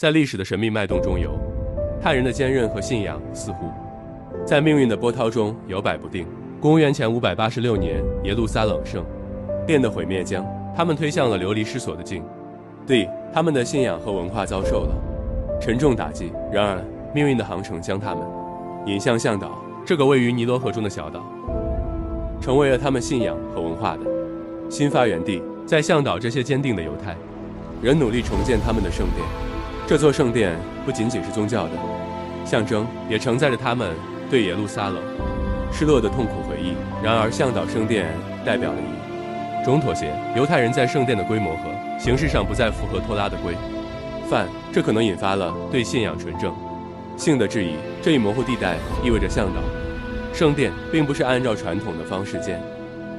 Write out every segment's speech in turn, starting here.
在歷史的神秘脈動中，猶太人的堅韌和信仰似乎在命運的波濤中搖擺不定。公元前五百八十六年，耶路撒冷聖殿的毀滅將他們推向了流離失所的境地，他們的信仰和文化遭受了沉重打擊。然而，命運的航程將他們引向象島這個位於尼羅河中的小島，成為了他們信仰和文化的新發源地。在象島，這些堅定的猶太人努力重建他們的聖殿。這座聖殿不僅僅是宗教的象徵，也承載着他們對耶路撒冷失落的痛苦回憶。然而，象島聖殿代表了一種妥協：猶太人在聖殿的規模和形式上不再符合托拉的規範，這可能引發了對信仰純正性的質疑。這一模糊地帶意味着象島聖殿並不是按照傳統的方式建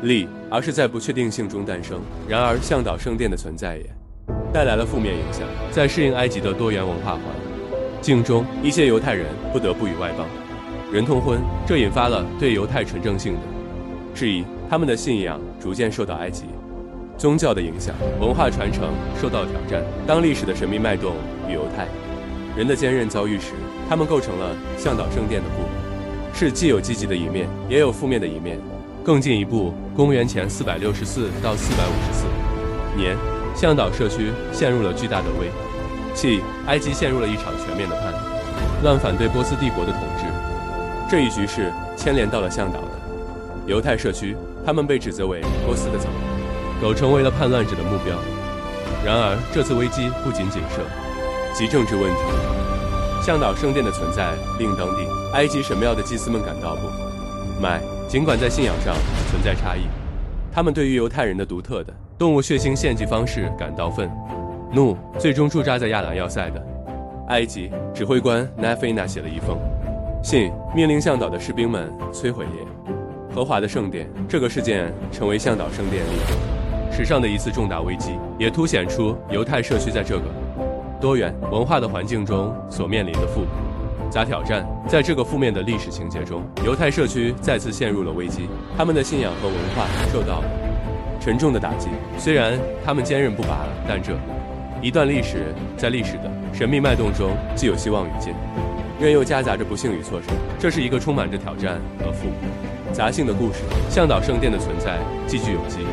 立，而是在不確定性中誕生。然而，象島聖殿的存在也。帶來了負面影響。在適應埃及的多元文化環境中，一些猶太人不得不與外邦人通婚，這引發了對猶太純正性的質疑。他們的信仰逐漸受到埃及宗教的影響，文化傳承受到挑戰。當歷史的神秘脈動與猶太人的堅韌遭遇時，他們構成了象島聖殿的部分，是既有積極的一面，也有負面的一面。更進一步，公元前四百六十四到四百五十四年。象島社區陷入了巨大的危機，埃及陷入了一場全面的叛亂，反對波斯帝國的統治。這一局勢牽連到了象島的猶太社區，他們被指責為波斯的走狗，成為了叛亂者的目標。然而，這次危機不僅僅涉及政治問題，象島聖殿的存在令當地埃及神廟的祭司們感到不滿，儘管在信仰上存在差異。他們對於猶太人的獨特的動物血腥獻祭方式感到憤怒，最終駐紮在亞蘭要塞的埃及指揮官奈菲娜寫了一封信，命令象島的士兵們摧毀耶和華的聖殿。這個事件成為象島聖殿歷史上的一次重大危機，也凸顯出猶太社區在這個多元文化的環境中所面臨的負假挑戰在這個負面的歷史情節中，猶太社區再次陷入了危機，他們的信仰和文化受到了沉重的打擊。雖然他們堅韌不拔，但這一段歷史在歷史的神秘脈動中，既有希望與堅韌，任又夾雜着不幸與挫折。這是一個充滿着挑戰和複雜性的故事。象島聖殿的存在既具有積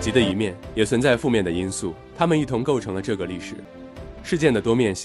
極的一面，也存在負面的因素，他們一同構成了這個歷史事件的多面性。